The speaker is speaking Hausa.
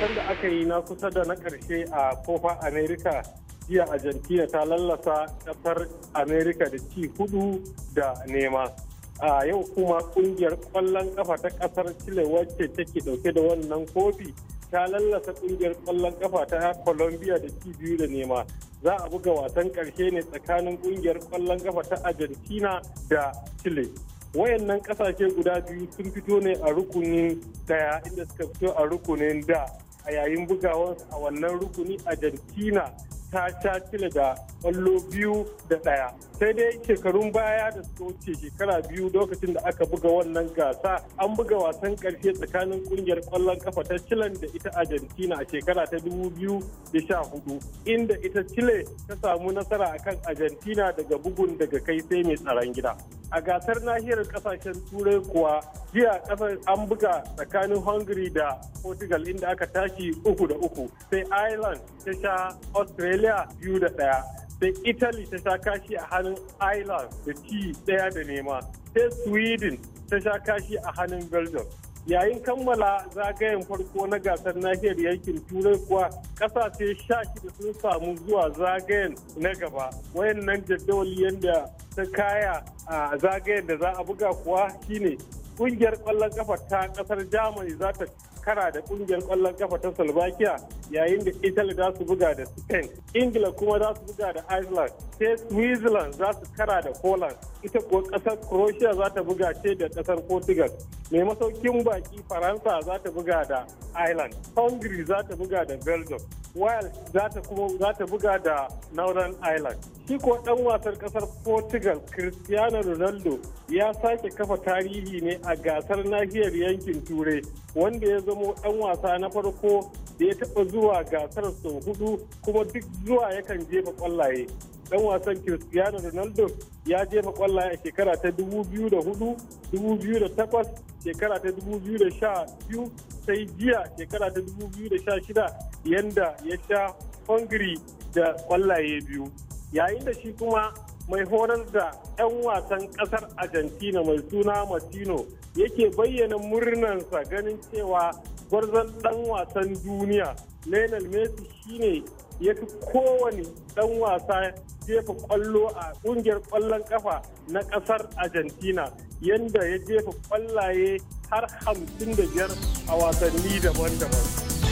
wasan da aka yi na kusa da na karshe a kofa america jiya argentina ta lallasa kasar america da ci hudu da nema a yau kuma kungiyar kwallon kafa ta kasar chile wacce take dauke da wannan kofi ta lallasa kungiyar kwallon kafa ta colombia da ci biyu da nema za a buga wasan karshe ne tsakanin kungiyar kwallon kafa ta argentina da chile wayannan kasashe guda biyu sun fito ne a rukunin daya inda suka fito a rukunin da a yayin bugawar a wannan rukuni argentina ta sha chile da kwallo biyu da ɗaya sai dai shekarun baya da suka wuce shekara biyu lokacin da aka buga wannan gasa an buga wasan ƙarshe tsakanin ƙungiyar kwallon kafa ta chilen da ita argentina a shekara ta dubu biyu da sha hudu inda ita chile ta samu nasara akan argentina daga bugun daga kai sai mai tsaron gida a gasar nahiyar kasashen turai kuwa jiya kasar an buga tsakanin hungary da portugal inda aka tashi uku da uku sai ireland ta sha australia biyu da ɗaya. sai italy ta sha kashi a hannun ireland da ci daya da nema sai sweden ta sha kashi a hannun belgium yayin kammala zagayen farko na gasar nahiyar yankin turai kuwa kasashe sha shida sun samu zuwa zagayen na gaba wayannan jadawali yadda ta kaya a zagayen da za a buga kuwa shine kungiyar kwallon kafa ta kasar jamani za ta kara da kungiyar kwallon kafa ta slovakia yayin da italy za su buga da spain ingila kuma za su buga da iceland sai switzerland za su kara da poland ita kuwa kasar croatia za ta buga ce da kasar portugal mai masaukin baki faransa za ta buga da ireland hungary za ta buga da belgium wales za ta kuma za ta buga da northern ireland shi ko dan wasan kasar portugal cristiano ronaldo ya sake kafa tarihi ne a gasar nahiyar yankin turai wanda ya zamo dan wasa na farko da ya taɓa zuwa gasar sau hudu kuma duk zuwa yakan jefa kwallaye dan wasan cristiano ronaldo ya jefa kwallaye a shekara ta 2004 2008 shekara ta 2012 sai jiya shekara ta 2016 yadda ya sha hungary da kwallaye biyu yayin da shi kuma mai horar da 'yan wasan kasar argentina mai suna martino yake bayyana murnansa ganin cewa gwarzon dan wasan duniya lionel messi shine ya fi kowane dan wasa jefa kwallo a kungiyar kwallon kafa na kasar argentina yadda ya jefa kwallaye har hamsin da biyar a wasanni daban-daban.